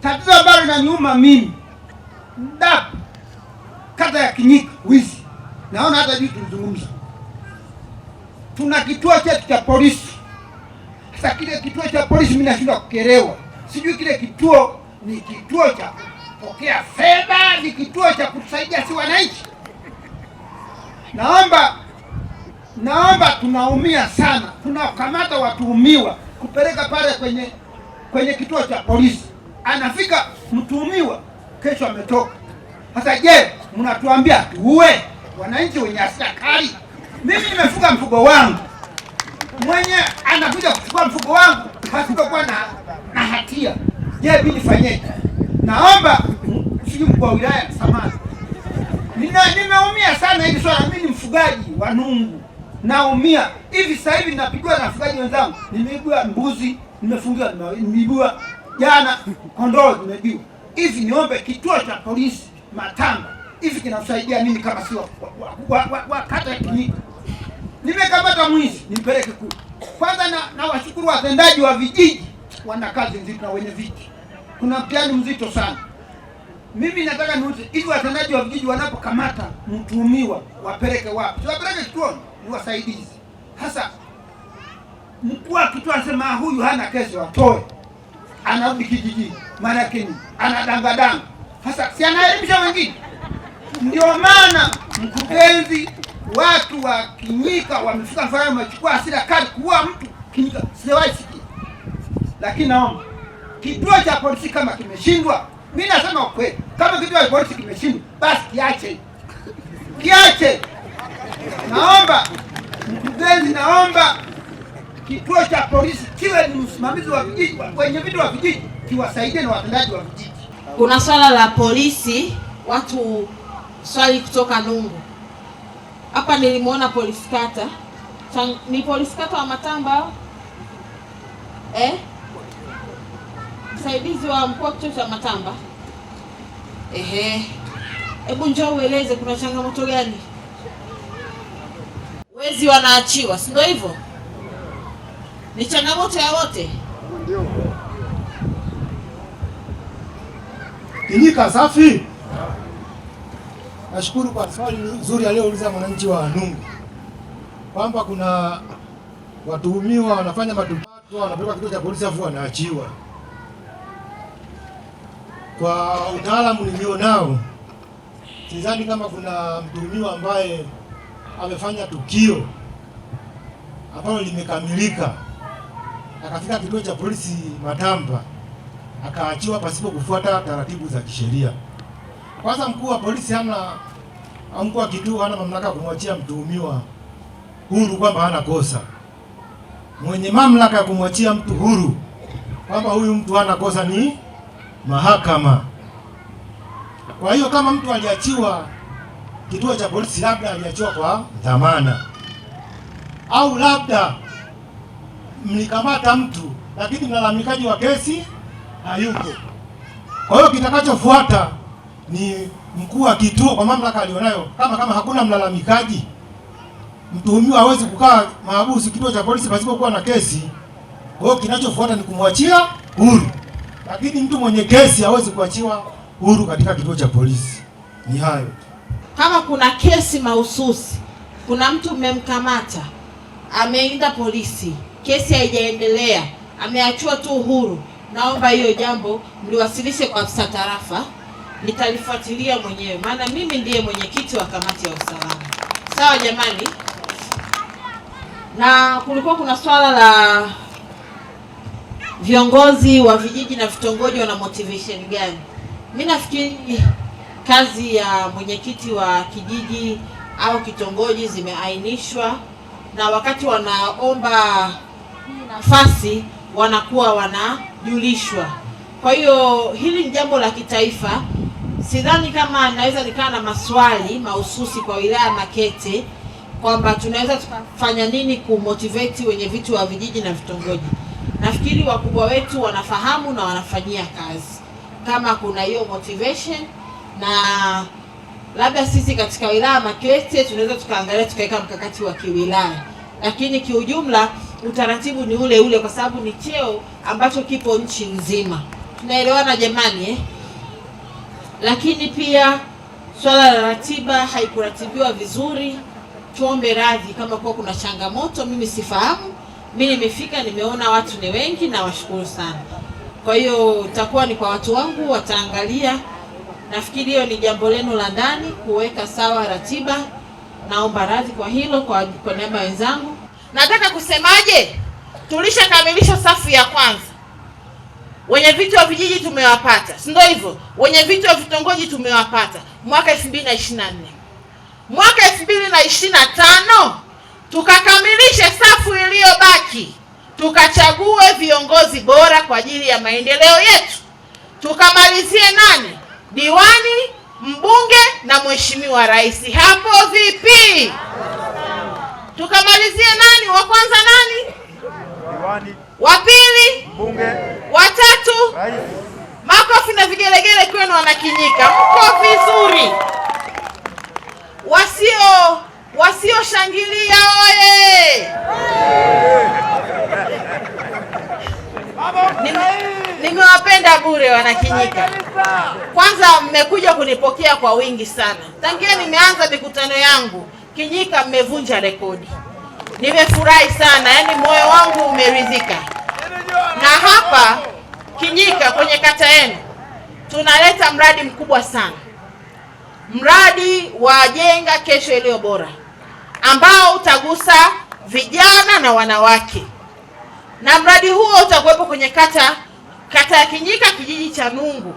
Tatizo ambalo linaniuma mimi DAP kata ya Kinyika wizi, naona hata juu tulizungumza, tuna kituo chetu cha polisi. Sasa kile kituo cha polisi mimi nashindwa kukerewa, sijui kile kituo ni kituo cha kupokea fedha, ni kituo cha kutusaidia si wananchi? Naomba, naomba, tunaumia sana, tunakamata watuhumiwa kupeleka pale kwenye kwenye kituo cha polisi anafika mtuhumiwa kesho ametoka. Sasa je, mnatuambia tuue wananchi wenye hasira kali? Mimi nimefuga mfugo wangu mwenye anakuja kuchukua mfugo wangu hasipokuwa na, na hatia. Je, mimi nifanyeje? Naomba sijui mkuu wa wilaya samahani, nimeumia sana hivi swala. Mimi ni mfugaji wa nungu, naumia hivi sasa hivi, napigwa na wafugaji wenzangu, nimeibua mbuzi, nimefungiwa, nimeibua jana kondoo zimeibiwa. Hivi niombe kituo cha polisi Matamba hivi kinasaidia mimi kama sio wakata wa, Nimekamata mwizi nimpeleke kule. Kwanza na, na washukuru watendaji wa vijiji wana kazi nzito na wenye viti. Kuna mtihani mzito sana. Mimi nataka niuze hivi watendaji wa vijiji wanapokamata mtuhumiwa wapeleke wapi? Siwapeleke kituoni, ni wasaidizi. Hasa mkuu wa kituo anasema huyu hana kesi watoe anarudi kijijini, maanakeni anadangadanga hasa, si anaelimisha wengine. Ndio maana mkurugenzi, watu wa Kinyika wamefika mfano, wamechukua hasira kali kuua mtu Kinyika, sijawahi sikia. Lakini naomba kituo cha polisi kama kimeshindwa, mi nasema ukweli, kama kituo cha polisi kimeshindwa, basi kiache, kiache. Naomba mkurugenzi, naomba kituo cha polisi kiwe ni msimamizi wa vijiji, wenye vitu wa vijiji kiwasaidie na watendaji wa vijiji. Kuna swala la polisi, watu swali kutoka Nungu hapa nilimwona polisi kata Chang, ni polisi kata wa Matamba eh? msaidizi wa mkuu wa kituo cha Matamba. Ehe, hebu njoo ueleze kuna changamoto gani? Wezi wanaachiwa, si ndio hivyo? ni changamoto ya wote. Kinyika safi. Nashukuru kwa swali nzuri aliyouliza mwananchi wa Nungu kwamba kuna watuhumiwa wanafanya matumbato, wanapelekwa kituo cha polisi afu wanaachiwa. Kwa utaalamu nao, sidhani kama kuna mtuhumiwa ambaye amefanya tukio ambalo limekamilika akafika kituo cha polisi Matamba akaachiwa pasipo kufuata taratibu za kisheria. Kwanza, mkuu wa polisi hana, mkuu wa kituo hana mamlaka ya kumwachia mtuhumiwa huru kwamba hana kosa. Mwenye mamlaka ya kumwachia mtu huru kwamba huyu mtu hana kosa ni mahakama. Kwa hiyo kama mtu aliachiwa kituo cha polisi, labda aliachiwa kwa dhamana au labda mlikamata mtu, lakini mlalamikaji wa kesi hayupo. Kwa hiyo kitakachofuata ni mkuu wa kituo kwa mamlaka alionayo, kama kama hakuna mlalamikaji, mtuhumiwa hawezi kukaa mahabusu kituo cha polisi pasipokuwa na kesi. Kwa hiyo kinachofuata ni kumwachia huru, lakini mtu mwenye kesi hawezi kuachiwa huru katika kituo cha polisi. Ni hayo. Kama kuna kesi mahususi, kuna mtu mmemkamata ameenda polisi kesi haijaendelea, ameachiwa tu uhuru. Naomba hiyo jambo mliwasilishe kwa afisa tarafa, nitalifuatilia mwenyewe, maana mimi ndiye mwenyekiti wa kamati ya usalama. Sawa jamani. Na kulikuwa kuna swala la viongozi wa vijiji na vitongoji wana motivation gani? Mi nafikiri kazi ya mwenyekiti wa kijiji au kitongoji zimeainishwa, na wakati wanaomba nafasi wanakuwa wanajulishwa. Kwa hiyo hili ni jambo la kitaifa. Sidhani kama naweza nikaa na maswali mahususi kwa wilaya ya Makete kwamba tunaweza tukafanya nini kumotivate wenye vitu wa vijiji na vitongoji. Nafikiri wakubwa wetu wanafahamu na wanafanyia kazi, kama kuna hiyo motivation, na labda sisi katika wilaya Makete tunaweza tukaangalia tukaweka mkakati wa kiwilaya, lakini kiujumla utaratibu ni ule ule, kwa sababu ni cheo ambacho kipo nchi nzima. Tunaelewana jamani eh? Lakini pia swala la ratiba haikuratibiwa vizuri, tuombe radhi kama kuwa kuna changamoto. Mimi sifahamu, mi nimefika, nimeona watu ni wengi, na washukuru sana. Kwa hiyo itakuwa ni kwa watu wangu, wataangalia. Nafikiri hiyo ni jambo lenu la ndani kuweka sawa ratiba. Naomba radhi kwa hilo kwa, kwa niaba ya wenzangu. Nataka kusemaje? Tulishakamilisha safu ya kwanza, wenye viti wa vijiji tumewapata, si ndio hivyo? Wenye viti wa vitongoji tumewapata mwaka 2024. Mwaka 2025 tukakamilisha safu iliyobaki, tukachague viongozi bora kwa ajili ya maendeleo yetu, tukamalizie nani? Diwani, mbunge na mheshimiwa rais. Hapo vipi? tukamalizie nani wa kwanza, nani diwani, wa pili mbunge, wa tatu rais. Makofi na vigelegele kwenu wanakinyika, mko vizuri. Wasio wasioshangilia oye! Nimewapenda bure wanakinyika. Kwanza mmekuja kunipokea kwa wingi sana, tangia nimeanza mikutano yangu Kijika, mmevunja rekodi. Nimefurahi sana, yaani moyo wangu umeridhika. Na hapa kinyika kwenye kata yenu tunaleta mradi mkubwa sana, mradi wa Jenga Kesho Iliyo Bora ambao utagusa vijana na wanawake, na mradi huo utakuwepo kwenye kata kata ya Kinyika, kijiji cha Nungu.